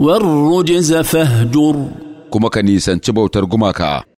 والرجز فاهجر كما كان يسان تبوتر